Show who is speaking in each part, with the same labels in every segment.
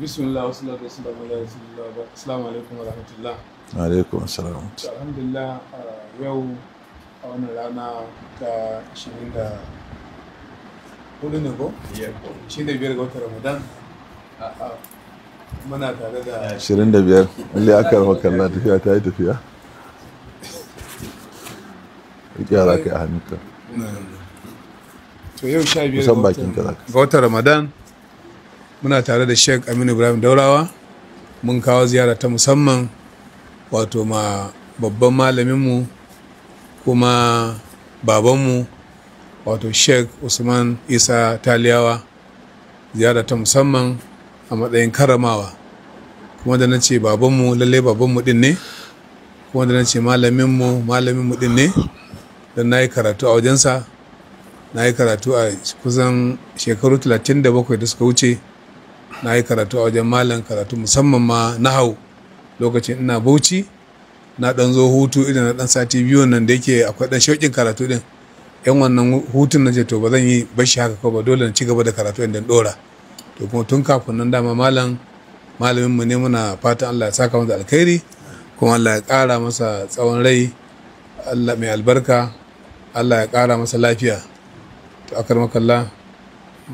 Speaker 1: bismillah wasu lafi wasu lafi wa lafi assalamu alaikum wa rahmatullah alaikum assalam
Speaker 2: alhamdulillah uh, yau a wannan rana ta 24 ne ko? shi da biyar ga wata ramadan uh, uh, muna tare da
Speaker 3: 25 wani aka rama kalla tafiya ta yi tafiya yara ka a hannunka
Speaker 2: to yau 15 ga wata ramadan muna tare da sheikh aminu ibrahim daurawa mun kawo ziyara ta musamman wato ma babban malaminmu kuma babanmu wato sheikh usman isa taliyawa ziyara ta musamman a matsayin karamawa kuma da na ce babanmu lallai babanmu din ne kuma da na ce malaminmu malaminmu din ne don na yi karatu a wajensa na yi karatu a kusan shekaru 37 da suka wuce na yi karatu a wajen malam karatu musamman ma na hau lokacin ina bauchi na dan zo hutu idan na dan sati biyu nan da yake akwai dan shauƙin karatu din yan wannan hutun na ce to ba zan yi bashi haka ko ba dole na ci gaba da karatu inda dora to kuma tun kafin nan dama malam malamin mu ne muna fatan Allah ya saka masa alkhairi kuma Allah ya ƙara masa tsawon rai Allah mai albarka Allah ya ƙara masa lafiya to akar makalla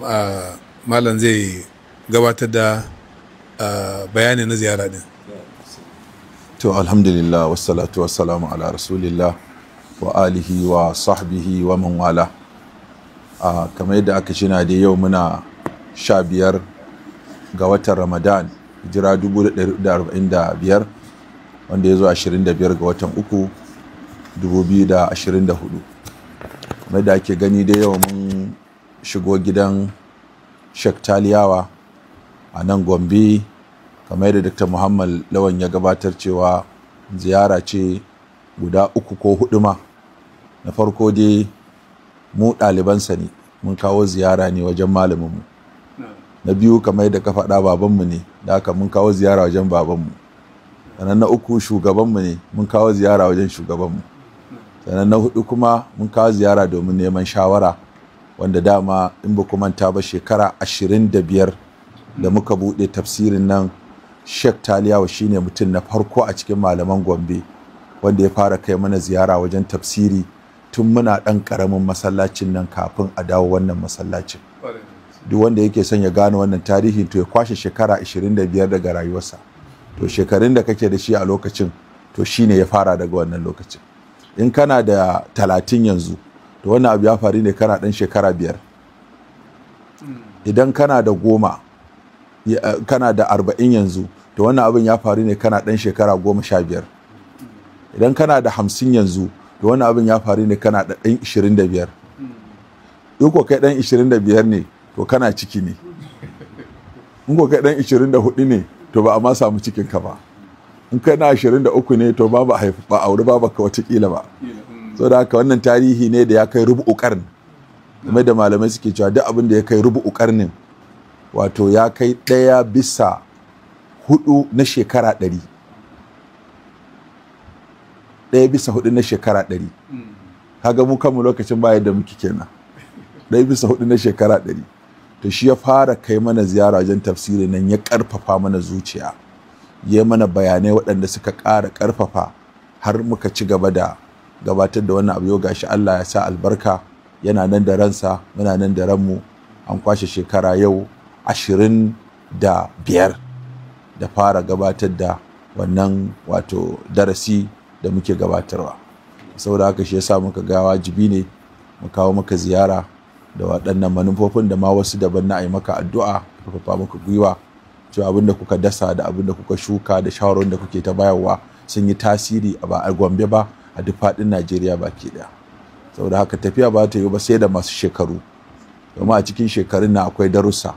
Speaker 2: ah, malam zai gabatar da bayani na ziyara din
Speaker 3: to alhamdulillah wassalatu wassalamu ala rasulillah wa alihi wa sahbihi wa man wala kamar yadda aka shina da yau muna sha biyar ga watan ramadan jira 1445 wanda ya zo 25 ga watan uku 2024 kamar da ake gani da yau mun shigo gidan shek taliyawa a nan gombe kamar yadda dr muhammad lawan ya gabatar cewa ziyara ce guda uku ko hudu ma na farko dai mu ɗalibansa ne mun kawo ziyara ne wajen malaminmu na biyu kamar yadda ka faɗa babanmu ne da haka mun kawo ziyara wajen babanmu sannan na uku shugabanmu ne mun kawo ziyara wajen shugabanmu sannan na hudu kuma mun kawo ziyara domin neman shawara wanda dama in ba manta ba shekara ashirin da biyar da muka buɗe tafsirin nan Sheikh Taliyawa shine mutum na farko a cikin malaman Gombe wanda ya fara kai mana ziyara wajen tafsiri tun muna ɗan ƙaramin masallacin nan kafin a dawo wannan masallacin. Duk wanda yake son ya gane wannan tarihi to ya kwashe shekara 25 daga rayuwarsa. To shekarun da kake da shi a lokacin to shine ya fara daga wannan lokacin. In kana da talatin yanzu to wannan abu ya faru ne kana ɗan shekara biyar. Idan kana da goma Eh, kana da arba'in yanzu to wannan abin ya faru ne kana ɗan shekara goma sha biyar idan kana da hamsin yanzu to wannan abin ya faru ne kana da ɗan ishirin da biyar ko kai ɗan ishirin da biyar ne to kana ciki ne in ko kai ɗan ishirin da hudu ne to ba a ma samu cikin ka ba in kai na ashirin da uku ne to ba ba haifi ba aure ba baka watakila ba so da haka wannan tarihi ne da ya kai rubu ƙarni game da malamai suke cewa duk abin da ya kai rubu ƙarnin wato ya kai ɗaya bisa hudu na shekara ɗari ɗaya bisa hudu na shekara ɗari kaga mu kanmu lokacin baya da muke kenan ɗaya bisa hudu na shekara ɗari to shi ya fara kai mana ziyara wajen tafsiri nan ya ƙarfafa mana zuciya ya mana bayanai waɗanda suka ƙara ƙarfafa har muka ci gaba da gabatar da wannan abu yau gashi Allah ya sa albarka yana nan da ransa muna nan da ranmu an kwashe shekara yau ashirin da biyar da fara gabatar da wannan wato darasi da muke gabatarwa saboda haka shi yasa muka ga wajibi ne mu kawo maka ziyara da waɗannan manufofin da ma wasu daban na a maka addu'a kafafa maka gwiwa cewa abin da kuka dasa da abin da kuka shuka da shawarar da kuke ta bayarwa sun yi tasiri a ba a gombe ba a duk faɗin najeriya baki ɗaya saboda haka tafiya ba ta yi ba sai da masu shekaru domin a cikin shekarun na akwai darussa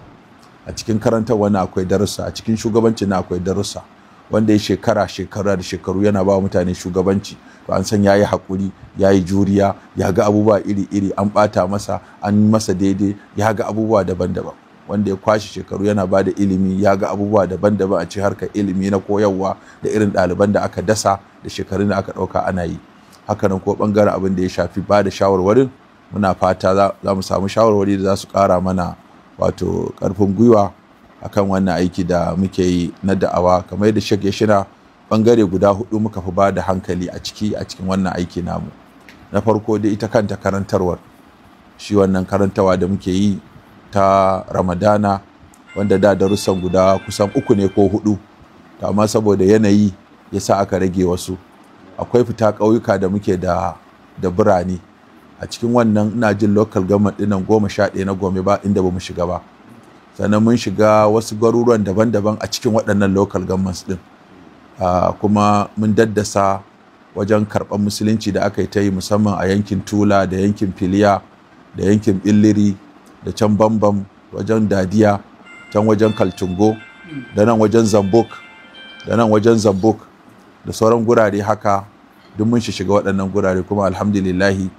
Speaker 3: a cikin karantarwa na akwai darussa a cikin shugabanci na akwai darussa wanda ya shekara shekara da shekaru yana ba mutane shugabanci to an san yayi hakuri yayi juriya ya ga abubuwa iri-iri an bata masa an masa daidai ya ga abubuwa daban-daban wanda ya kwashe shekaru yana ba da ilimi ya ga abubuwa daban-daban a ci harkar ilimi na koyarwa da irin ɗaliban da aka dasa da shekarun da aka ɗauka ana yi Haka nan ko ɓangaren abin da ya shafi ba da shawarwarin muna fata za mu samu shawarwari da za su ƙara mana wato karfin gwiwa akan wannan aiki da muke yi na da'awa kamar yadda shek ya shira bangare guda hudu muka fi ba da hankali a ciki a cikin wannan aiki namu na farko da ita kanta karantarwar shi wannan karantawa da muke yi ta ramadana wanda da darussan guda kusan uku ne ko hudu amma saboda yanayi ya sa aka rage wasu akwai fita ƙauyuka da muke da birane a cikin wannan ina jin local government dinan goma sha ɗaya na gome ba inda ba mu shiga ba sannan mun shiga wasu garuruwan daban-daban a cikin waɗannan local governments din kuma mun daddasa wajen karɓar musulunci da aka yi ta yi musamman a yankin tula da yankin filiya da yankin illiri da can bambam wajen dadiya can wajen kaltungo da nan wajen Zambok, da nan wajen Zambok. da sauran gurare haka duk mun shiga waɗannan gurare kuma alhamdulillahi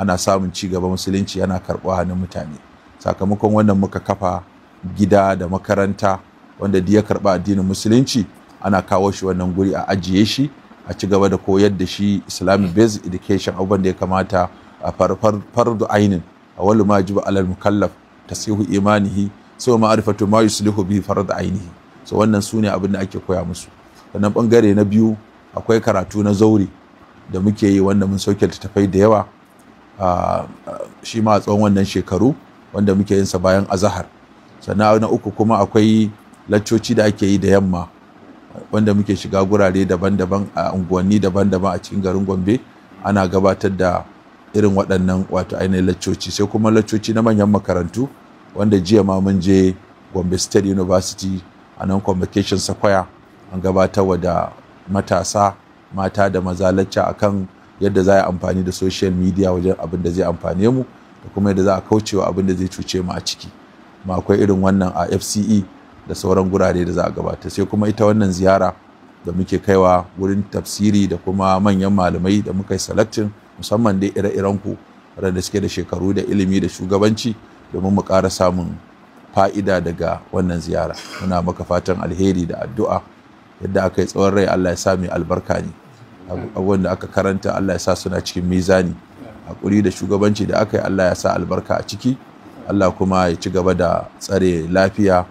Speaker 3: ana samun ci gaba musulunci yana karɓo hannun mutane sakamakon wannan muka kafa gida da makaranta wanda ya karɓa addinin musulunci ana kawo shi wannan guri a ajiye shi a ci gaba da koyar da shi islamic based education abubuwan da ya kamata a fardu ainin a wani majibu alal mukallaf tasihu imanihi sai ma'arifatu ma sulihu bi fardu ainihi so wannan su ne abin da ake koya musu Wannan bangare na biyu akwai karatu na zauri da muke yi wanda mun sauke littattafai da yawa shi ma a tsawon wannan shekaru wanda muke yinsa bayan azahar sannan na uku kuma akwai laccoci da ake yi da yamma wanda muke shiga gurare daban-daban a unguwanni daban-daban a cikin garin gombe ana gabatar da irin waɗannan wato ainihin laccoci sai kuma laccoci na manyan makarantu wanda jiya ma mun je gombe state university a nan convocation sequoia an wa da matasa mata da maza lacca akan yadda za a amfani da social media wajen abin da zai amfane mu da kuma yadda za a kauce wa abin da zai cuce mu a ciki ma akwai irin wannan a fce da sauran gurare da za a gabata sai kuma ita wannan ziyara da muke kaiwa wurin tafsiri da kuma manyan malamai da muka yi selectin musamman dai ire-iren ku da suke da shekaru da ilimi da shugabanci domin mu ƙara samun fa'ida daga wannan ziyara muna maka fatan alheri da addu'a yadda aka yi tsawon rai allah ya sa mai albarka ne abubuwan da aka karanta Allah ya sa suna cikin mizani hakuri da shugabanci da aka yi Allah ya sa albarka a ciki Allah kuma ya ci gaba da tsare lafiya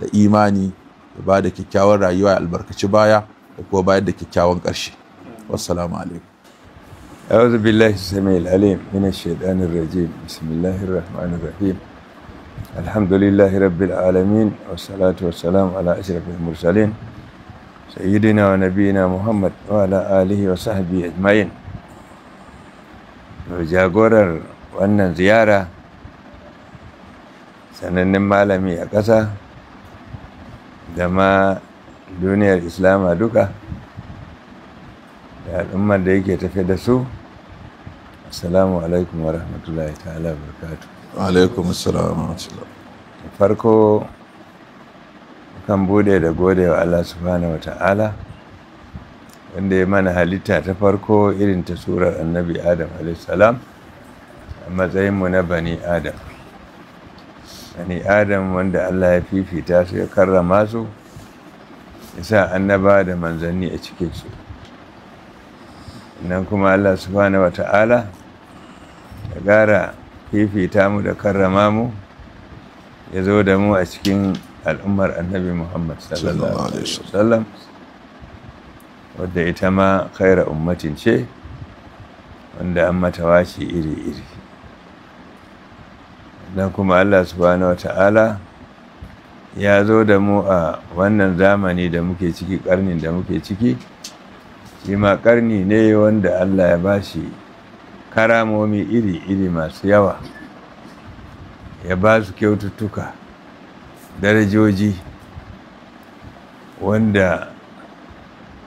Speaker 3: da imani da ba da kyakkyawan rayuwa ya albarkaci baya da kuma bayar da kyakkyawan ƙarshe wassalamu alaikum أعوذ billahi السميع العليم من الشيطان الرجيم rajim الله الرحمن
Speaker 4: rahim alhamdulillahi rabbil alamin wassalatu والصلاة والسلام على سيدنا ونبينا محمد وعلى آله وصحبه أجمعين jagorar wannan ziyara sanannen malami a ƙasa da ma duniyar islama duka da al'ummar da yake tafi da su assalamu alaikum wa rahmatullahi ta'ala wa alaikum assalamu wa farko kan bude da gode wa Allah subhanahu wata'ala wanda ya mana halitta ta farko irin ta surar annabi adam salam a matsayinmu na bani adam bani adam wanda Allah ya fifita su ya karrama su ya sa annaba da manzanni a cikinsu nan kuma Allah subhanahu wata'ala ya gara fifita mu da karrama mu ya zo da mu a cikin al'ummar annabi muhammad sallallahu alaihi wasallam wadda ita ma kaira ummatin ce wanda an mata iri-iri don kuma allah subhanahu wa ta'ala ya zo da mu a wannan zamani da muke ciki karnin da muke ciki shi ma karni ne wanda allah ya bashi karamomi iri-iri masu yawa ya ba su kyaututtuka darajoji wanda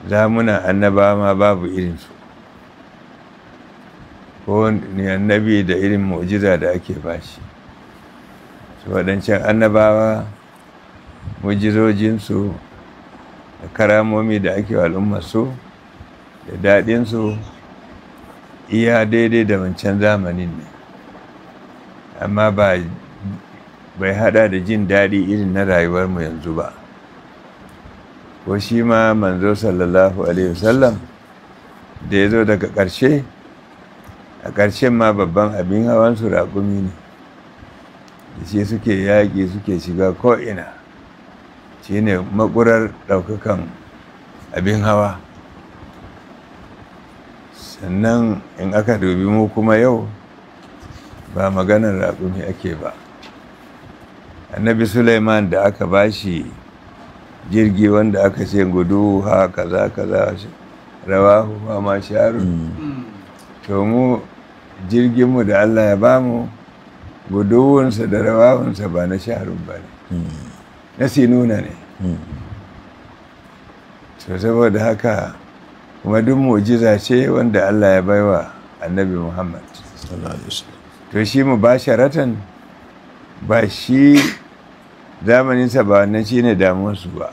Speaker 4: zamuna annabawa ma babu irinsu ko annabi da irin mu'jiza da ake bashi su waɗancan annabawa mu'jizojinsu da karamomi da ake al'umma su da daɗinsu iya daidai da wancan zamanin ne amma ba bai hada da jin daɗi irin na rayuwarmu yanzu ba ko shi ma manzo sallallahu alaihi wasallam da ya zo daga ƙarshe a ƙarshen ma babban abin hawan su raƙumi ne da shi suke yaƙi suke shiga ko'ina shi ne makurar ɗaukakan abin hawa sannan in aka dubi mu kuma yau ba maganar raƙumi ake ba annabi suleiman da aka bashi jirgi wanda aka ce gudu ha kaza kaza rawahu ha ma sharu mm. to mu jirginmu da allah ya bamu guduwunsa da rawahunsa ba na sharun ba ne mm. na sinuna ne mm. to saboda haka kuma duk mu'jiza ce wanda allah ya baiwa annabi muhammad to shi mu ba sharatan ba shi zamaninsa ba wannan shi ne damuwarsu ba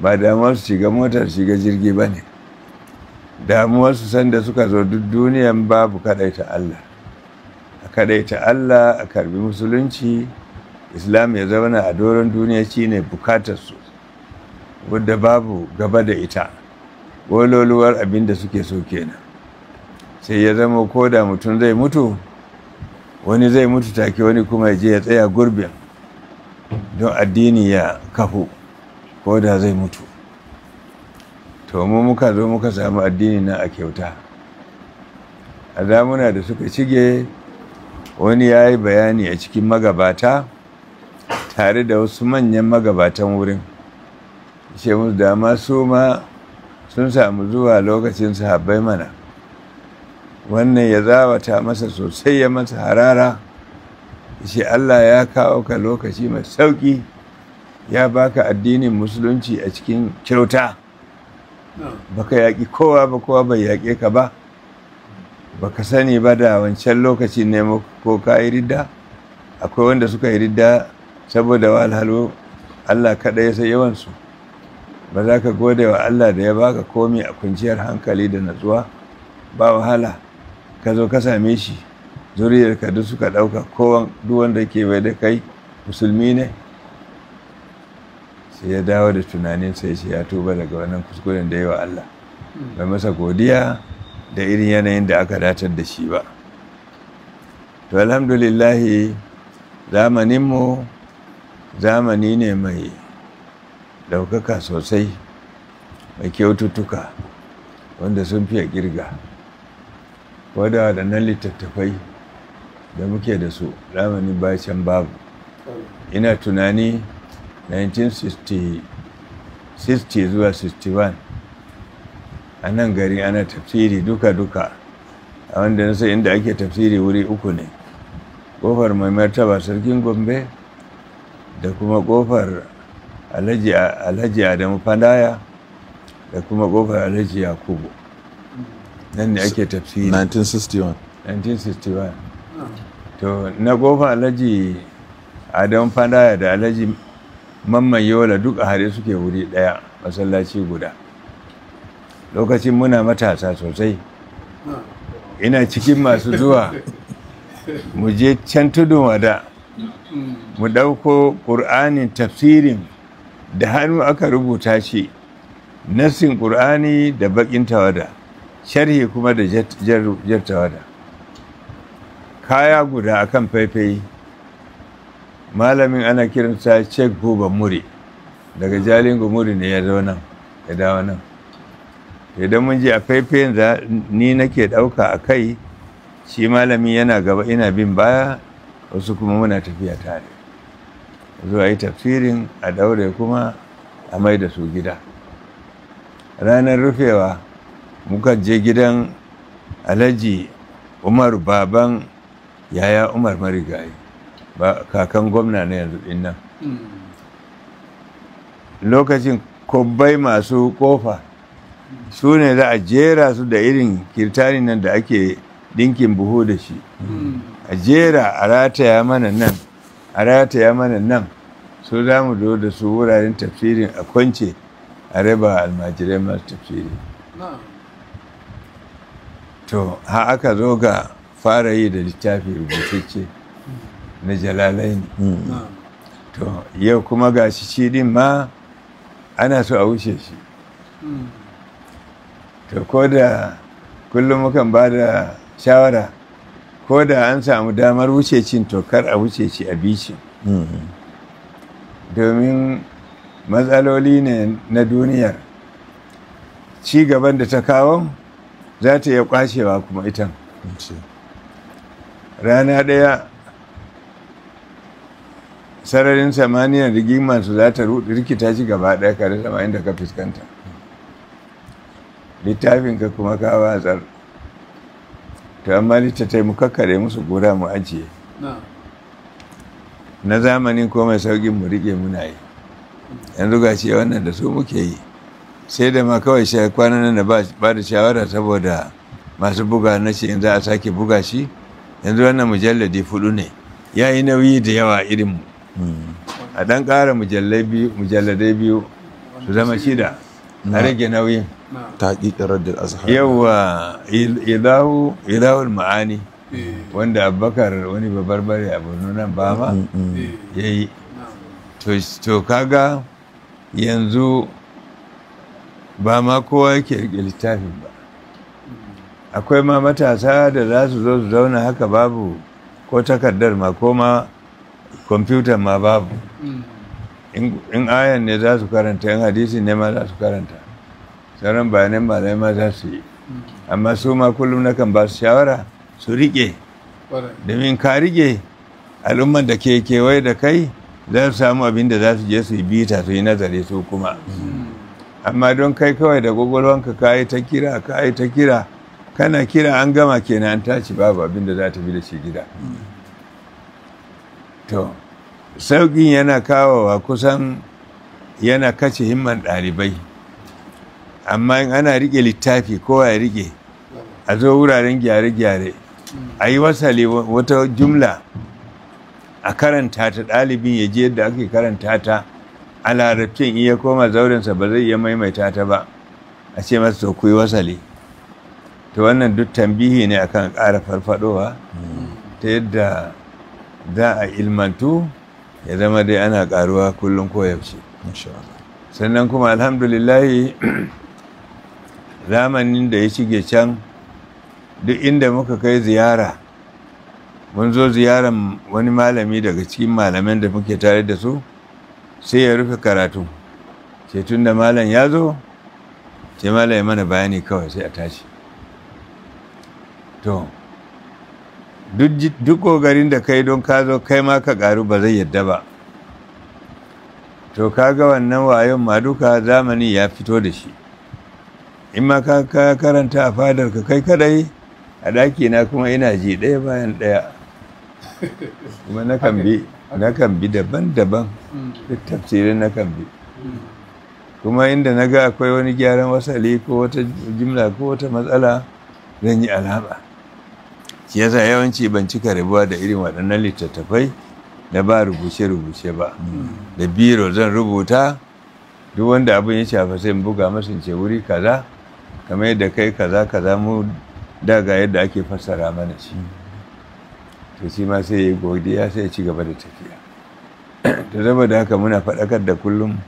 Speaker 4: ba damuwarsu shiga motar shiga jirgi ba ne damuwarsu sanda suka zo duk duniyan babu kadaita Allah a kadaita Allah a karbi musulunci islam ya zauna a doron duniya shi ne bukatarsu wadda babu gaba da ita wololuwar abinda suke so kenan sai ya zama ko da mutum zai mutu wani zai mutu take wani kuma ya je ya tsaya gurbin don addini ya kafu ko da zai mutu to mu muka zo muka samu addini na a kyauta a zamuna da suka cige wani ya yi bayani a cikin magabata tare da wasu manyan magabatan wurin ce musu dama su ma sun samu zuwa lokacin sahabbai mana wannan ya zawata masa sosai ya masa harara shi Allah ya kawo ka lokaci mai sauƙi ya baka addinin musulunci a cikin kyauta baka yaƙi kowa ba kowa bai yaƙe ka ba baka sani ba da wancan lokaci ne ko ka yi ridda akwai wanda suka yi ridda saboda walhalo Allah kaɗai ya sai yawansu ba za ka gode wa Allah da ya baka komi a kwanciyar hankali da natsuwa ba wahala ka zo ka same shi zuriyarka duk suka ɗauka kowan duk wanda ke bai da kai musulmi ne sai ya dawo da tunanin sai shi ya tuba daga wannan kuskuren da yawa Allah bai masa godiya da irin yanayin da aka datar da shi ba to alhamdulillahi zamaninmu zamani ne mai ɗaukaka sosai mai kyaututtuka wanda sun fiye girga wadda da nan littattafai da muke da su zamanin bayan babu ina tunani 1960 zuwa 61 a nan gari ana tafsiri duka-duka a wanda nasa inda ake tafsiri wuri uku ne kofar mai martaba sarkin gombe da kuma kofar alhaji adamu fadaya da kuma kofar alhaji yakubu nan ne ake tafsiri
Speaker 3: 1961
Speaker 4: 1961 to na gofa alhaji adam fadaya da alhaji mamman yola duk a hare suke wuri daya masallaci guda lokacin muna matasa sosai ina cikin masu zuwa mu je can tudun wada mu dauko ƙur'anin tafsirin da hannu aka rubuta shi nassin ƙur'ani da baƙin tawada sharhi kuma da jartawada kaya guda a kan faifai. malamin ana kiranta cek buba muri daga jalin muri ne ya zo nan ya dawo nan idan mun je a faifayin da ni nake ɗauka a kai shi malami yana gaba ina bin baya wasu kuma muna tafiya tare zuwa yi tafsirin a daure kuma a mai da su gida ranar rufewa mukan je gidan alhaji umar baban yaya umar marigayi ba kakan gwamna na yanzu dinnan hmm. lokacin kubbai masu kofa su ne za a jera su da irin kirtani nan da ake dinkin buhu da shi hmm. a jera a rataya mana nan a rataya mana nan su za mu da su wuraren tafsirin a kwance a raba almajirai masu tafsirin to ha aka zo ga fara yi da littafi rubutacce na jalalai ne mm-hmm. to yau kuma ga shi shi din ma ana so a wuce shi mm-hmm. to ko da kullum mukan ba da shawara ko da an samu damar wuce cin tokar a wuce shi a bici mm-hmm. domin matsaloli ne na duniyar ci gaban da ta kawo za ta iya kwashewa kuma itan rana ɗaya sararin samaniyar rigimar su za ta rikita shi gaba ɗaya kare sama inda ka fuskanta littafin ka kuma ka watsar ta amma ta taimaka kare musu gura mu ajiye na zamanin mai saukin mu rike muna yi yanzu ga wannan da su muke yi sai da ma kawai shi kwanan nan da ba da shawara saboda masu buga na shi in za a sake buga shi yanzu wannan mujalladi fudu ne ya yi nauyi da yawa irin mu a dan kara mujalladai biyu su zama shida a rage nauyin taƙiƙin raddin azhar yawa ilahu ma'ani eh. wanda abubakar wani babbar bare a borno nan ba ma mm, mm, mm. ya eh. to kaga yanzu ba ma kowa yake rike littafin ba akwai ma matasa da za su zo su zauna haka babu ko takardar ma ko ma kwamfutan ma babu in ayan ne za su karanta in hadisi ne ma za su karanta sauran bayanan malai ma za su yi amma su ma kullum na kan ba su shawara su rike domin ka riƙe al'ummar da ke kewaye da kai za su samu abin da za su je su yi bita su yi nazari su kuma amma don kai kawai da gwagwalwanka ka yi ta kira ka yi ta kira kana kira an gama kenan an tashi babu abin da za ta bi da shi gida to sauƙin yana kawowa kusan yana kace himman ɗalibai amma in ana rike littafi kowa ya rike a zo wuraren gyare-gyare a yi wasali wata jumla a karanta ta ɗalibin ya je yadda ake karanta ta a larabcin iya koma zaurinsa ba zai iya maimaita ta ba a ce masa to ku yi wasali Ta wannan duk tambihi ne akan ƙara farfadowa ta yadda za a ilmantu ya zama dai ana ƙaruwa kullum koyaushe sannan kuma alhamdulillahi zamanin da ya shige can duk inda muka kai ziyara mun zo ziyaran wani malami daga cikin malaman da muke tare da su sai ya rufe karatu ce tun da malam ya zo sai malam ya mana bayani kawai sai a tashi to duk kogarin da kai don ka zo kai ma ka ƙaru ba zai yadda ba to kaga wannan wayon ma duka zamani ya fito da shi in ma ka karanta a fadar ka kai kadai a ɗakina na kuma ina ji ɗaya bayan ɗaya kuma na kan na kan bi daban-daban mm. duk tafsirin na kan bi mm. kuma inda na ga akwai wani gyaran wasali ko wata jimla ko wata matsala zan yi alama shi yasa yawanci ban cika rabuwa da irin waɗannan littattafai na ba rubuce-rubuce ba mm. da biro zan rubuta duk wanda abin ya shafa sai buga masu ce wuri kaza kamar yadda kai kaza kaza mu daga yadda ake fassara mana shi to shi ma sai ya yi godiya sai ya ci gaba da tafiya zama da haka muna faɗakar da kullum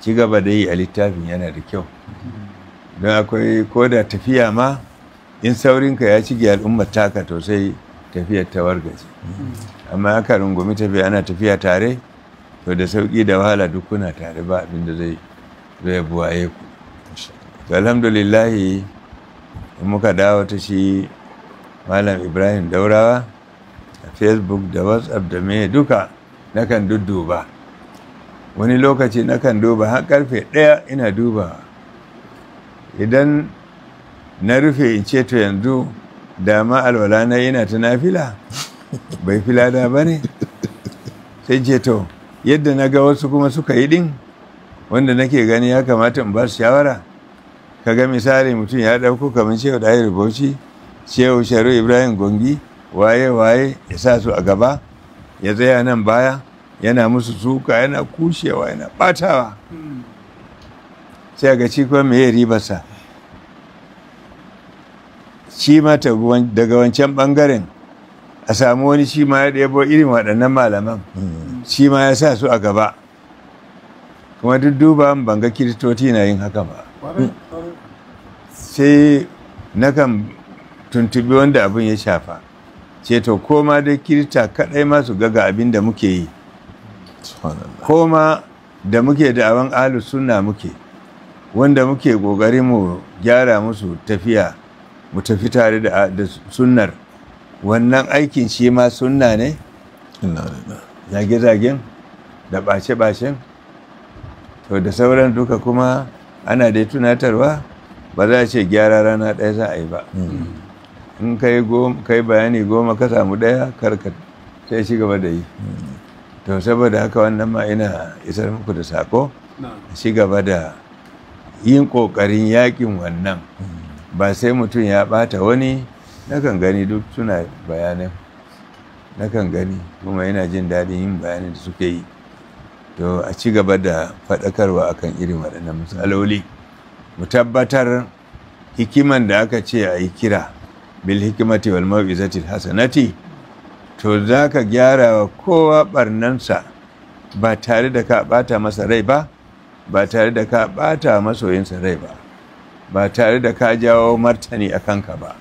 Speaker 4: ci gaba da yi a littafin yana da kyau don akwai ko da tafiya ma in saurinka ya ci al'ummar taka to sai tafiyar ta wargaje amma aka rungumi tafiya ana tafiya tare to da sauƙi da wahala duk kuna tare ba abin da zai zai buwaye ku alhamdulillahi in muka dawo ta shi malam ibrahim daurawa a facebook da whatsapp da me duka nakan dudduba wani lokaci nakan duba har karfe ɗaya ina duba idan na rufe in ce to yanzu dama alwala na yana ta fila, bai fila da ba ne sai ce to yadda na ga wasu kuma suka yi din? wanda nake gani ya kamata in ba su shawara ga misali mutum ya ɗauko kamar cewa da ya rubuci shehu sharu ibrahim gongi waye waye ya sa su a gaba ya tsaya nan baya yana musu suka yana kushewa yana batawa sai ga ci kuma meye ribarsa shi ma daga wancan bangaren a samu wani shi ma ya ɗebo irin waɗannan malaman shi ma ya sa su a gaba kuma duk duba ban ga kiristoci na yin haka ba sai na kan. tuntubi wanda abin ya shafa Ceto to koma da kirta kaɗai ma su gaga abin da muke yi koma da muke da awan alu suna muke wanda muke gogari mu gyara musu tafiya mu tafi tare da sunnar wannan aikin shi ma sunna ne zage-zagen da ɓace-ɓacen to da sauran duka kuma ana da tunatarwa ba za a ce gyara rana ɗaya za a yi ba mm. in kai kai bayani goma ka samu ɗaya karka sai shi gaba da yi to saboda haka wannan ma ina isar muku da sako shi gaba da yin ƙoƙarin yakin wannan ba sai mutum ya bata wani nakan gani duk suna bayanan nakan gani kuma yana jin daɗin yin bayanin da suke yi to a ci gaba da faɗakarwa akan irin waɗannan misaloli mu tabbatar hikiman da aka ce a yi kira bil hikimati wal mau'izatil hasanati to zaka gyara wa kowa barnansa ba tare da ka bata masa rai ba ba tare da ka bata masoyinsa rai ba ba tare da ka jawo martani a kanka ba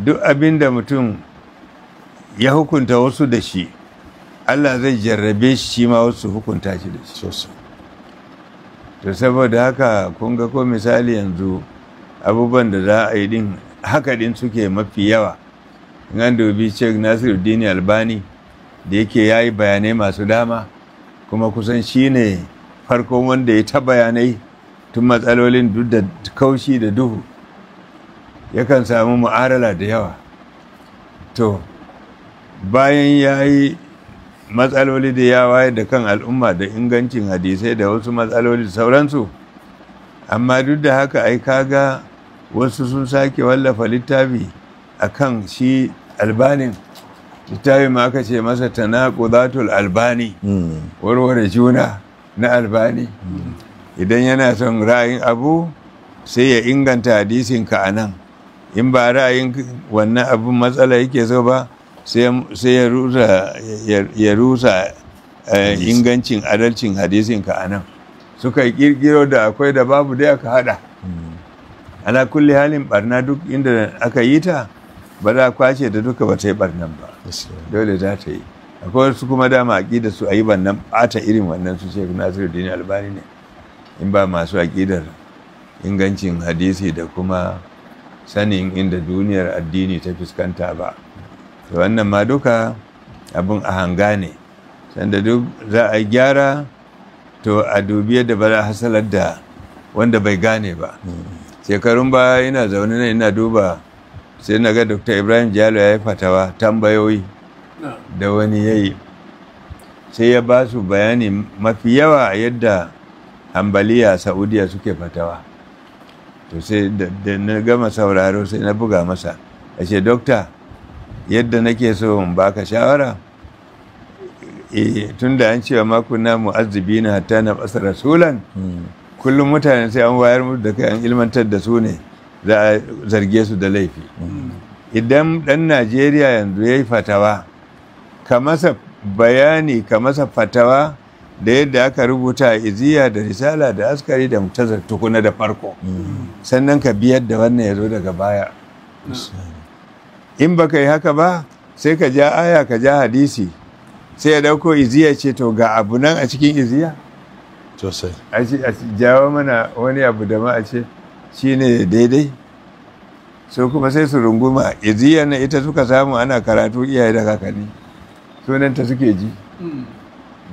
Speaker 4: duk abinda mutum ya hukunta wasu da shi Allah zai jarrabe shi ma wasu hukunta shi da shi to saboda haka kun ga ko misali yanzu abubuwan da za a yi din haka din suke mafi yawa in an dubi Nasiru nasiruddin albani da yake ya yi bayanai masu dama kuma kusan shi ne farkon wanda ya ta bayanai tun matsalolin duk da kaushi da duhu yakan samu mu'arala da yawa to bayan ya yi matsaloli da yawa da kan al'umma da ingancin hadisai da wasu matsaloli sauransu amma duk da haka ai kaga wasu sun sake wallafa littafi a kan shi albanin littafi ma aka ce masa kuzatul albani hmm. warware juna na albani hmm. idan yana son ra'ayin abu sai ya inganta hadisin ka nan. in ba ra'ayin wannan abin matsala yake so ba sai ya rusa eh, ingancin adalcin hadisin ka nan suka kirkiro da akwai da babu dai aka hada ala kulli halin barna duk inda aka yi ta ba za kwace da duka ba ta yi barnan ba dole za ta yi akwai wasu kuma dama aƙidar su a yi bannan ɓata irin wannan su ce dini albani ne in ba masu aƙidar ingancin hadisi da kuma sanin inda duniyar addini ta fuskanta ba to wannan ma duka abin a hanga ne sanda duk za a gyara to a dubi yadda ba za hasalar da wanda bai gane ba shekarun baya ina zaune ne ina duba sai na ga dr ibrahim jalo ya yi fatawa tambayoyi da wani ya yi sai ya ba su bayani mafi yawa yadda hambaliya saudiya suke fatawa to sai da na gama sauraro sai na buga masa a ce dokta yadda nake so in baka shawara eh, tun da an cewa makon mu azubi na hatta na basa rasulan hmm. kullum mutane sai an wayar musu da kai an ilmantar da su ne za a zarge su da laifi idan ɗan najeriya yanzu ya yi fatawa ka masa bayani ka masa fatawa da yadda aka rubuta iziya da risala da askari da mutazar tukuna da farko sannan ka biyar da wannan ya zo daga baya in baka yi haka ba sai ka ja aya ka ja hadisi sai ya dauko iziya ce to ga abu nan a cikin iziya sosai a jawo mana wani abu da ma a ce shi ne daidai so kuma sai su runguma iziyar na ita suka samu ana karatu iyaye da kakanni sunanta suke ji hmm.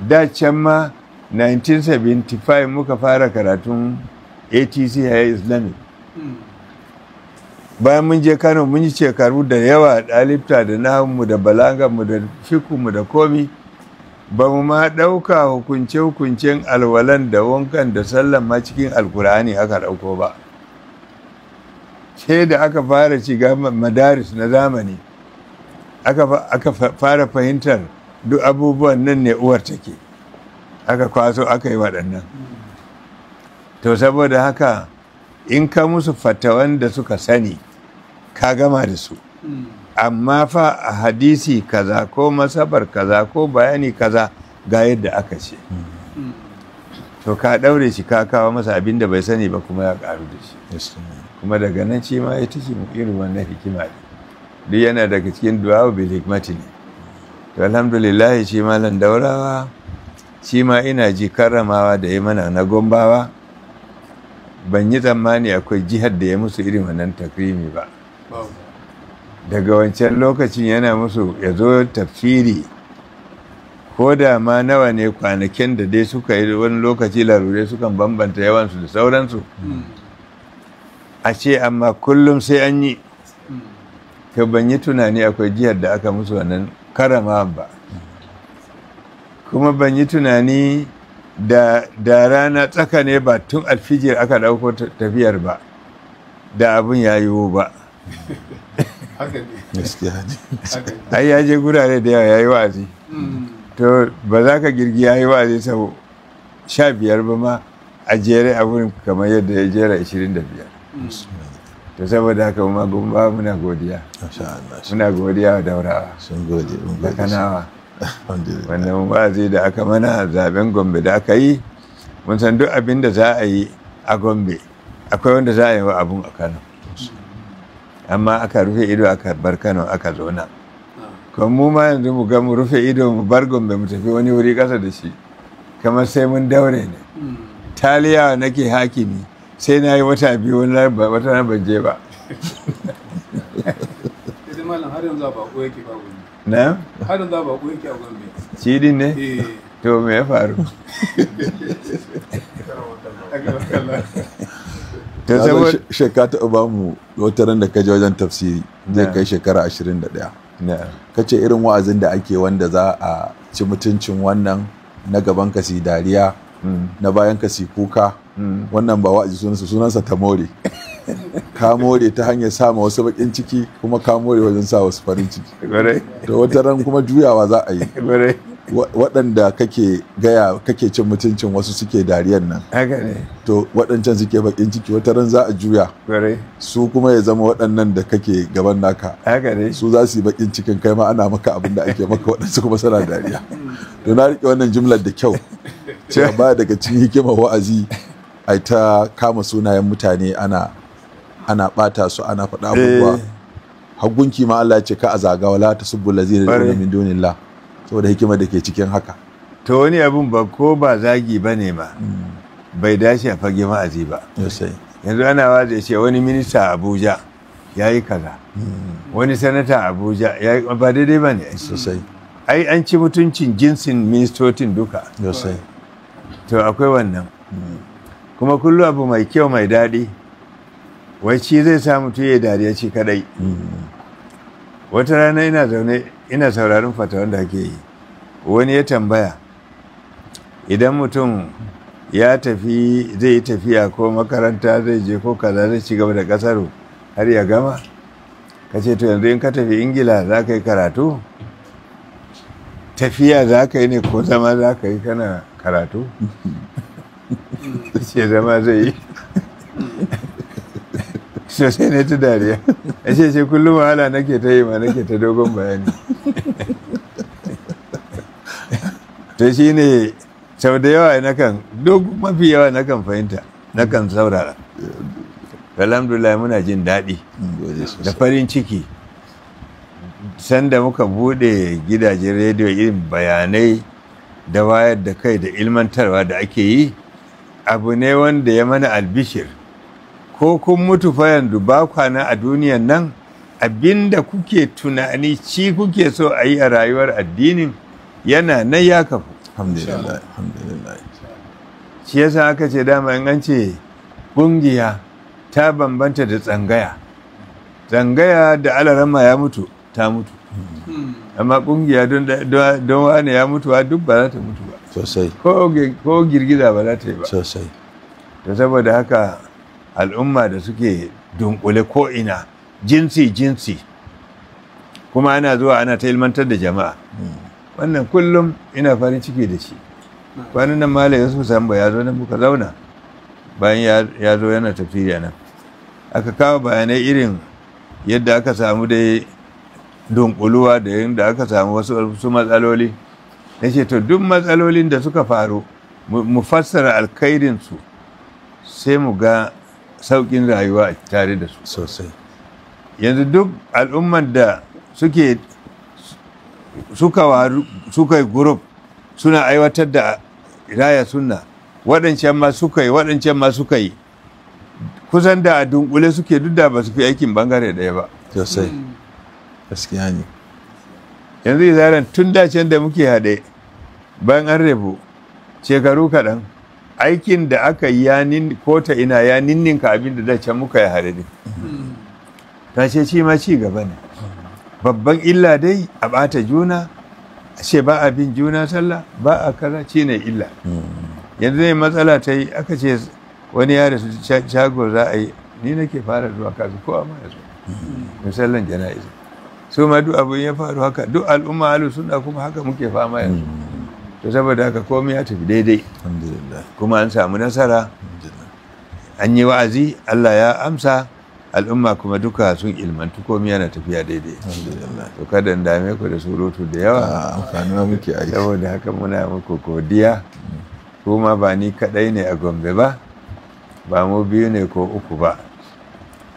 Speaker 4: da can ma 1975 muka fara karatun atc a islamic hmm. bayan mun je kano mun yi shekaru da yawa ɗalibta da namu da balaganmu da shikunmu da komi ba mu ma ɗauka hukunce-hukuncen alwalan da wankan da sallan ma cikin alkur'ani aka ɗauko ba sai da aka fara shiga madaris na zamani aka fara fahimtar duk abubuwan nan ne uwar take aka kwaso aka yi waɗannan to saboda haka in ka musu fatawan da suka sani ka gama da su hmm. amma fa a hadisi kaza ko masabar kaza ko bayani kaza ga yadda aka ce to ka ɗaure shi ka kawo masa abin da bai sani ba kuma ya karu da shi kuma daga nan ce ma ita ce irin wannan hikima ne duk yana daga cikin du'a bil hikmati ne to alhamdulillah shi malam daurawa shi ma ina ji karramawa da ya mana na gombawa ban yi zamani akwai jihar da ya musu irin wannan takrimi ba daga wancan lokacin yana musu ya zo tafiri ko da ma nawa ne kwanakin da dai suka yi wani lokaci larurai sukan bambanta yawansu da sauransu a ce amma kullum sai an yi ka ban yi tunani akwai jihar da aka musu wannan karama ba kuma ban yi tunani da, rana tsaka ne ba tun alfijir aka dauko tafiyar ba da abin ya yiwu ba gaskiya ne ai ya je gurare da yawa ya yi wa'azi hmm. to ba za ka girgi ya yi wa'azi sau sha biyar ba ma a jere a wurin kamar yadda ya jera ashirin da biyar hmm. to saboda haka ma gumba muna godiya muna godiya wa daurawa sun gode bakanawa wannan wa'azi da aka mana zaben gombe da aka yi mun san duk abin da za a yi a gombe akwai wanda za a yi wa abun a kano amma aka rufe ido aka bar kano aka zauna ah. kuma mu ma yanzu mu ga mu rufe ido mu bar gombe mu tafi wani wuri ƙasa da shi kamar sai mun daure ne hmm. taliya nake hakimi sai na yi wata biyu wata na ban je ba
Speaker 2: na? har yanzu ba ku yake a gombe
Speaker 4: ne? Eh. to me ya faru?
Speaker 3: shekka ta ba mu wata ran da ka je wajen tafsiri zai kai shekara 21 ka ce irin wa'azin da ake wanda za a ci mutuncin wannan na gaban ka si dariya mm. na bayan ka si kuka mm. wannan ba wa'azi sunansa sunansa ta more ka more ta hanyar sama wasu bakin ciki kuma ka more wajen sa wasu farin ciki to wata ran kuma juyawa za a yi waɗanda kake gaya kake cin mutuncin wasu suke dariyan nan to waɗancan suke bakin ciki wata ran za a juya su kuma ya zama waɗannan da kake gaban naka su za su yi bakin cikin kai ma ana maka abin da ake maka waɗansu kuma suna dariya to na rike wannan jimlar da kyau ce ba daga cikin hikimar wa'azi ai ta kama sunayen mutane ana ana su ana faɗa abubuwa eh. hagunki ma Allah ya ce ka a zaga wala lazina min dunillah saboda hikimar da ke cikin haka to
Speaker 4: wani abin ba ko ba zagi ba ne mm. ma bai dace a fage ma'azi ba yanzu ana waje ce wani minista abuja ya yi kaza mm. wani sanata abuja ya yi ba daidai ba ne ai an ci mutuncin jinsin ministocin duka to akwai wannan kuma kullum abu mai kyau mai daɗi wai shi zai sa mutum ya dariya ci kadai mm. wata rana ina zaune ina sauraron fatawan da ake yi wani ya tambaya idan mutum ya tafi zai yi tafiya ko makaranta zai je ko kaza zai ci gaba da kasar har ya gama ka ce to yanzu in ka tafi ingila za ka yi karatu tafiya za ka yi ne ko zama za ka yi kana karatu ce zama zai yi sosai ne ta dariya a ce ce kullum wahala nake ta yi ma nake ta dogon bayani to shi ne sau da yawa na kan dogon mafi yawa na kan fahimta na kan saurara alhamdulillah muna jin daɗi da farin ciki sanda muka buɗe gidajen rediyo irin bayanai da wayar da kai da ilmantarwa da ake yi abu ne wanda ya mana albishir ko kun mutu fa yanzu ba kwana a duniyan nan abinda kuke tunani ci kuke so a yi a rayuwar addinin yana na ya kafu alhamdulillah shi yasa aka ce dama in an ce ƙungiya ta bambanta da tsangaya tsangaya da alarama ya mutu ta mutu hmm. amma ƙungiya don wane ya mutuwa duk ba za ta mutu ba ko girgiza ba za ta yi ba sosai saboda haka al'umma da suke dunkule ko'ina jinsi jinsi kuma ana zuwa ana ta ilmantar da jama'a wannan kullum ina farin ciki da shi kwanan nan malam yusuf sambo ya zo nan muka zauna bayan ya zo yana tafiya nan aka kawo bayanai irin yadda aka samu dai dunkuluwa da yadda aka samu wasu matsaloli na ce to duk matsalolin da suka faru mu fassara alkairinsu sai mu ga saukin rayuwa tare da su sosai yanzu duk al'ummar da suke suka waru suka yi group suna aiwatar da raya sunna waɗancan ma suka yi waɗancan ma suka yi kusan da a dunkule suke duk da ba su fi aikin bangare ɗaya ba
Speaker 3: sosai mm. gaskiya ne
Speaker 4: yanzu izaran tun dacen da muke haɗe bayan an rebu shekaru kaɗan aikin da aka yi yanin ko ta ina ya ninninka abin da dace muka yi hare ta ce ci ma ci gaba ne babban illa dai a bata juna a ce ba a bin juna sallah ba a kaza ci ne illa yanzu ne matsala ta yi aka ce wani ya su shago za a yi ni nake fara zuwa kasu kowa ma ya zo misalan su ma duk abin ya faru haka duk al'umma halu suna kuma haka muke fama yanzu to saboda haka komai ya tafi daidai kuma an samu nasara an yi wa'azi Allah ya amsa al'umma kuma duka sun ilmantu komai yana tafiya daidai to kada in dame ku da surutu da yawa ah, amfani muke saboda haka muna muku godiya kuma ba ni kadai ne a Gombe ba ba mu biyu ne ko uku ba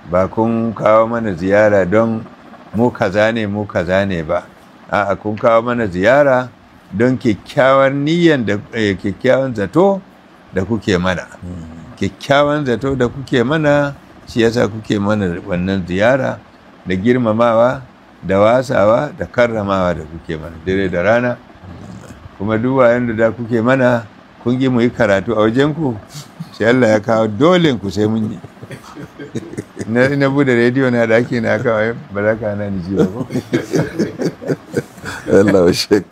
Speaker 4: ba kun kawo mana ziyara don mu kaza ne mu kaza ne ba a'a kun kawo mana ziyara don kyakkyawan niyyar da eh, kyakkyawan zato da kuke mana hmm. kyakkyawan zato da kuke mana shi yasa kuke mana wannan ziyara da girmamawa da wasawa da karramawa da kuke mana dare da rana kuma duk yadda da kuke mana kun yi mu yi karatu a wajenku sai Allah ya kawo dole ku sai mun yi na bude rediyo na daki na kawai ba za ka hana ni ji ba Allah wa shek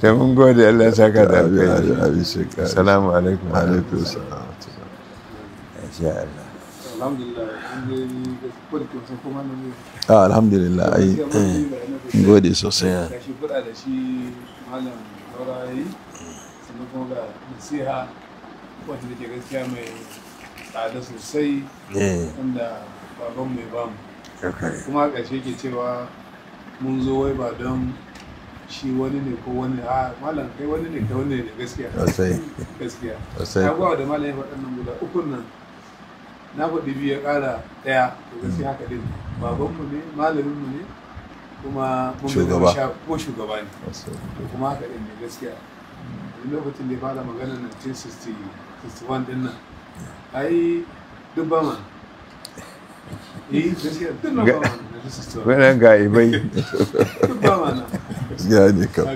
Speaker 4: da mun gode Allah ya saka da kai. abi shek assalamu alaikum wa alaikum assalam insha Allah
Speaker 2: alhamdulillah alhamdulillah ai gode sosai Ka shi shi da malam sannan kuma ga nasiha wata da ke gaskiya mai tsada sosai Eh. wanda baban mai bamu kuma a ƙarshe ke cewa mun zo wai ba don shi wani ne ko wani a malam kai wani ne kai wani ne gaskiya gaskiya ta gwa da malam ya nan guda ukun nan na faɗi biyu ya ƙara ɗaya to gaskiya haka din babanmu ne malaminmu ne kuma shugaba ko shugaba ne to kuma haka din ne gaskiya lokacin da ya fara magana 1961 din nan ai duk ba ma eh gaskiya duk na ba ma 1961 ga ibai
Speaker 1: duk ba na. ya ne kam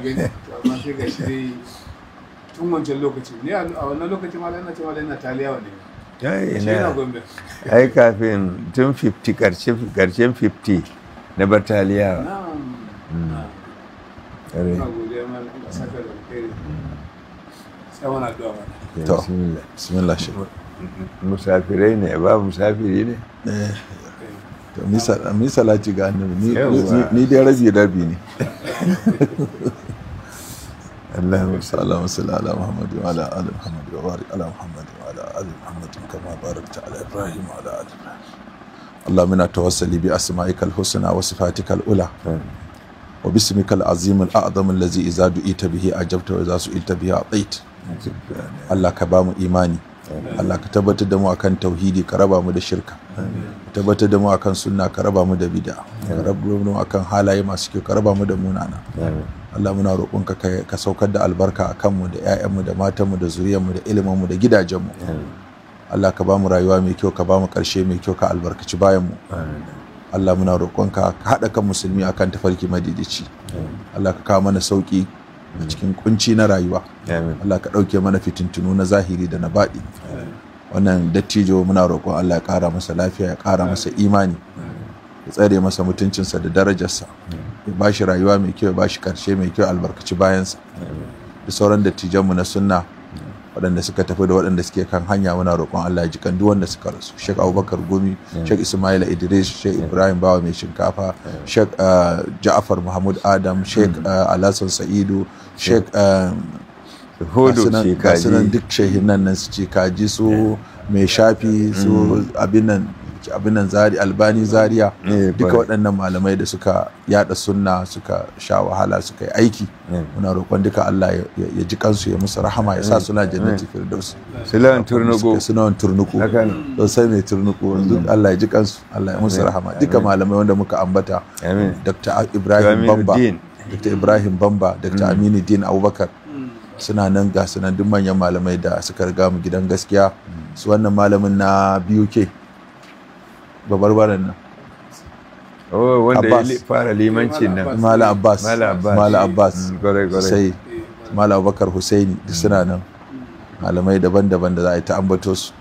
Speaker 2: tun wancan lokaci ne a wannan lokacin ma yana cewa yana taliya wa ne
Speaker 4: ai kafin tun 50 karshen 50 na bataliya mm. to
Speaker 3: musafirai ne ba musafiri ne eh, ni salati ga annabi ni dai rabi rabi ne اللهم صل وسلم على محمد وعلى ال محمد وبارك على محمد وعلى ال محمد كما باركت على ابراهيم وعلى ال ابراهيم اللهم انا توسل باسمائك الحسنى وصفاتك العلى وباسمك العظيم الاعظم الذي اذا دعيت به اجبت واذا سئلت به اعطيت الله كبام ايماني Allah ka tabbatar da mu akan tauhidi ka raba mu da shirka tabbatar da mu akan sunna ka raba mu da bid'a ka raba mu akan halaye masu kyau ka raba mu da munana Allah muna roƙon ka saukar da albarka a mu da ƴaƴanmu da matanmu da zuriyarmu da iliminmu da gidajenmu Allah ka ba mu rayuwa mai kyau ka ba mu ƙarshe mai kyau ka albarkaci bayanmu Allah muna roƙonka ka haɗa kan musulmi akan tafarki madidici Allah ka kawo mana sauki a cikin kunci na rayuwa Allah ka ɗauke mana fitintunu na zahiri da na baɗi wannan dattijo muna roƙon Allah ya ƙara masa lafiya ya kara masa imani ya tsare masa mutuncinsa da darajarsa ya bashi rayuwa mai kyau ya ba shi mai kyau albarkaci bayansa da sauran dattijanmu na sunna waɗanda suka tafi da waɗanda suke kan hanya muna roƙon Allah ya jikan duk wanda suka rasu Sheikh Abubakar Gumi Sheikh Ismail Idris Sheikh Ibrahim Bawa mai shinkafa Sheikh uh, ja'afar Muhammad Adam Sheikh mm. uh, Alhassan Sa'idu Sheikh um, Hudu Shekaji duk shehinan nan su ce kaji su mai shafi su mm. abin nan abin nan zari albani zaria eh, duka waɗannan malamai da suka yada sunna suka sha wahala suka yi aiki eh. muna roƙon duka Allah ya ji kansu ya musu rahama ya sa eh. suna jannati firdaus
Speaker 1: silan turnuku
Speaker 3: silan turnuku don sai mai turnuku mm. duk Allah ya ji kansu Allah ya musu rahama duka malamai wanda muka ambata Dr. Ibrahim Bamba Dr. Ibrahim Bamba Dr. Aminu Din Abubakar suna nan ga sunan duk manyan malamai da suka riga mu gidan gaskiya mm. su wannan malamin na BUK babarbaran nan oh wanda ya fara limancin nan mala abbas mala abbas mm, sai mala abubakar husaini da suna nan malamai daban-daban da za a yi ta ambato su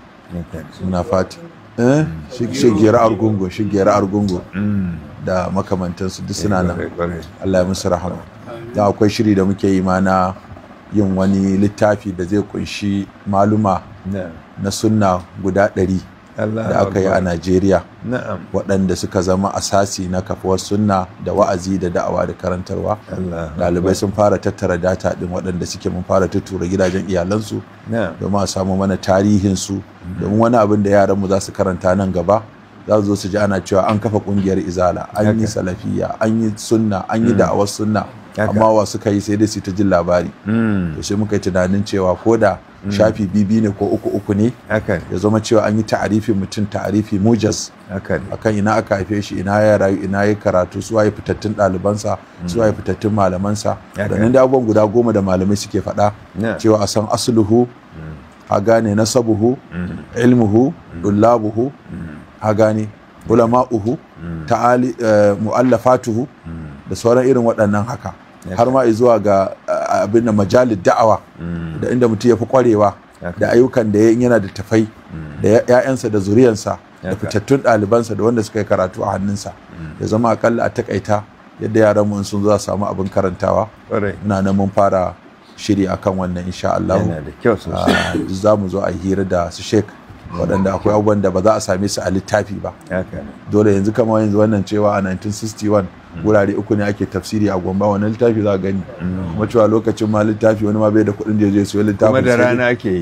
Speaker 3: muna fati eh? mm. shigera argungu shigera argungu mm. da makamantansu duk suna nan allah ya musu rahama da akwai shiri da muke yi ma na yin wani littafi da zai kunshi maluma na sunna guda ɗari
Speaker 4: da aka yi a
Speaker 3: Najeriya waɗanda suka zama asasi na kafuwar sunna da wa'azi da da'awa da karantarwa ɗalibai sun fara tattara data ɗin waɗanda suke mun fara tuttura gidajen iyalansu domin a samu mana tarihinsu domin wani abin da yaranmu za su karanta nan gaba za su zo su ji ana cewa an kafa ƙungiyar izala an yi salafiya an yi sunna an yi mm. da'awar sunna amma wa suka yi sai dai su ta jin labari mm. to sai muka yi tunanin cewa ko da Mm. shafi bibi ne ko uku uku ne ya zama cewa an yi ta'arifin mutum ta'arifi mujas akan ina aka haife shi ina ya rayu ina ya karatu su waye fitattun ɗalibansa su mm. waye fitattun malamansa da nan da abubuwan guda goma da malamai suke faɗa cewa a san asluhu mm. a gane nasabuhu ilmuhu dullabuhu a gane ulama'uhu ta'ali eh, mu'allafatuhu da sauran irin waɗannan haka har ma zuwa ga abin da majalid da'awa mm. da inda mutum ya fi kwarewa da ayyukan da ya yana da tafai mm. da ya'yansa da zuriyansa da fitattun ɗalibansa da wanda suka yi karatu a hannunsa mm. ya zama akalla a takaita yadda yaran mu sun za samu abin karantawa ina nan mun fara shiri akan wannan insha Allah ah, za mu zo a hira da su sheik waɗanda akwai abubuwan da ba za a same su a littafi ba dole yanzu kamar yanzu wannan cewa a 1961 wurare uku ne ake tafsiri a gomba wani littafi za gani kuma cewa lokacin ma littafi wani ma bai da kuɗin da ya je siyo littafi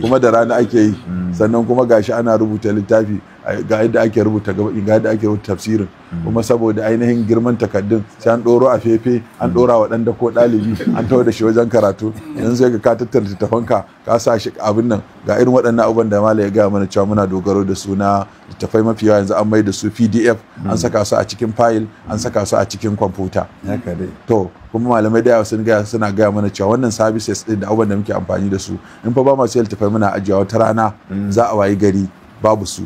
Speaker 3: kuma da rana ake yi mm. sannan kuma gashi ana rubuta littafi ga yadda ake rubuta gabaɗi ga yadda ake rubuta tafsirin hmm. kuma saboda ainihin girman takaddun sai an ɗoro a fefe an ɗora wa ɗan ko ɗalibi an tawo da shi wajen karatu yanzu sai ka tattara littafanka ka sa shi abin nan ga irin waɗannan abubuwan da malai ya gaya mana cewa muna dogaro da su na littafai mafi yawa yanzu an mai da su pdf an hmm. saka su a cikin fayil an saka su a cikin kwamfuta to kuma malamai da yawa sun gaya suna gaya mana cewa wannan services ɗin da abubuwan da muke amfani da su in fa ba masu littafai muna ajiyawa wata rana hmm. za a wayi gari babu su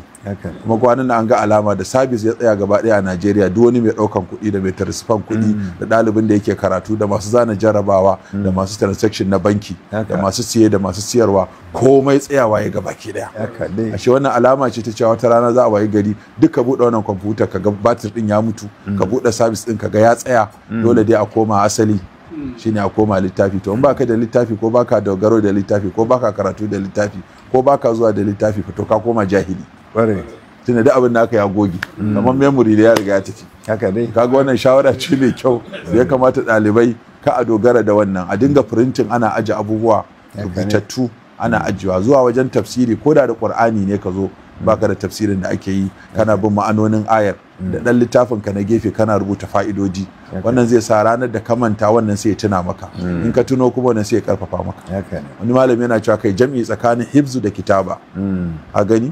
Speaker 3: kuma kwanan na an ga alama da sabis ya tsaya gaba daya a Najeriya duk wani mai daukan kuɗi da mai tarisfan kuɗi mm. da ɗalibin da yake karatu da masu zana jarabawa da mm. masu transaction na banki da masu siye da masu siyarwa komai tsayawa ya gaba ki daya ashe wannan alama ce ta cewa wata rana za a wayi gari duk ka buɗe wannan kwamfuta ka ga batir din ya mutu mm. ka buɗe sabis din ka ga ya tsaya dole dai a koma asali shine a koma littafi to in baka da littafi ko baka dogaro da littafi ko baka karatu da littafi ko baka zuwa da littafi fito ka koma jahili ƙwarai tunda da abin da aka ya goge mm. kamar memory da ya riga ya tafi haka dai kaga wannan shawara ce mai kyau da ya kamata ɗalibai ka a dogara da wannan a dinga printing ana aje abubuwa rubutattu ana ajiyewa zuwa wajen tafsiri ko da da qur'ani ne ka zo baka da tafsirin da ake yi kana bin ma'anonin ayar da dan littafin ka na gefe kana rubuta fa'idodi wannan zai sa ranar da ka manta wannan sai ya tuna maka mm. in ka tuno kuma wannan sai ya karfafa maka wani malami yana cewa kai jam'i tsakanin hibzu da kitaba mm. a gani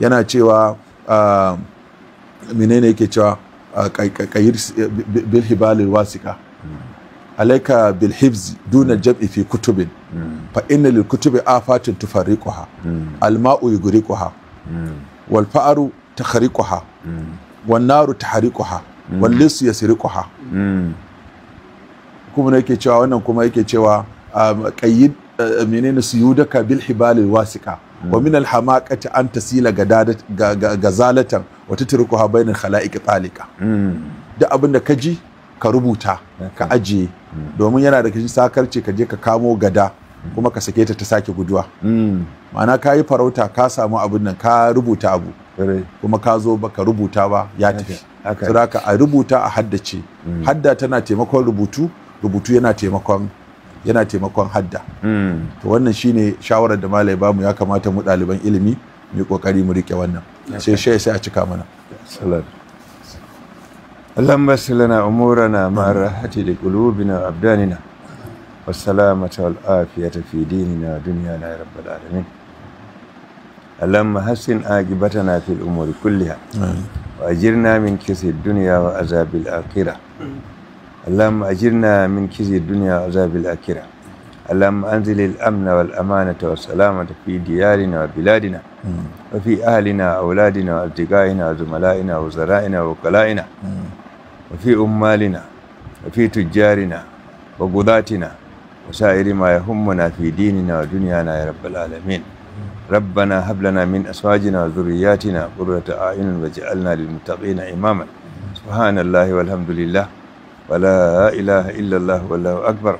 Speaker 3: yana cewa ah, menene yake cewa ah, kayyir bil hibalil wasika mm. alaika bil hibzi duna jam'i fi kutubin fa inna lil kutubi afatin tufarriquha alma'u yughriquha Walfa'aru fa'aru tahriquha wan naru tahriquha wal lisu yasriquha kuma yake cewa wannan kuma yake cewa na menene suyudaka bil hibalil wasika wa min al hamaqati an tasila gazalatan wa tatrukuha bainal khalaiqi talika da abinda ka ji ka rubuta ka ajiye domin yana da kashi sakarci ka je ka kamo gada kuma ka sake ta ta sake guduwa mm. ma'ana ka yi farauta ka samu abin nan ka rubuta abu kuma ka zo ba ka rubuta ba ya tafi a rubuta a haddace mm. hadda tana taimakon rubutu rubutu yana taimakon yana taimakon hadda mm. to wannan shine shawarar da malai bamu ya kamata mu ɗaliban ilimi mu kokari mu rike wannan sai shai sai a cika mana
Speaker 4: اللهم sallana umurana امورنا مع da لقلوبنا Abdanina. والسلامة والآفية في ديننا ودنيانا يا رب العالمين اللهم حسن عاقبتنا في الأمور كلها وأجرنا من كسي الدنيا وعذاب الآخرة اللهم أجرنا من كسي الدنيا وعذاب الآخرة اللهم أنزل الأمن والأمانة والسلامة في ديارنا وبلادنا وفي أهلنا وأولادنا وأصدقائنا وزملائنا وزرائنا وقلائنا وفي أمالنا وفي تجارنا وقضاتنا وسائر ما يهمنا في ديننا ودنيانا يا رب العالمين ربنا هب لنا من أزواجنا وذرياتنا قرة أعين واجعلنا للمتقين إماما سبحان الله والحمد لله ولا إله إلا الله والله أكبر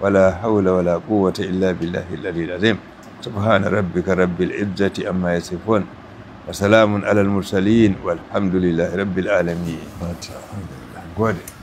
Speaker 4: ولا حول ولا قوة إلا بالله العلي العظيم سبحان ربك رب العزة أما يصفون وسلام على المرسلين والحمد لله رب
Speaker 1: العالمين. God.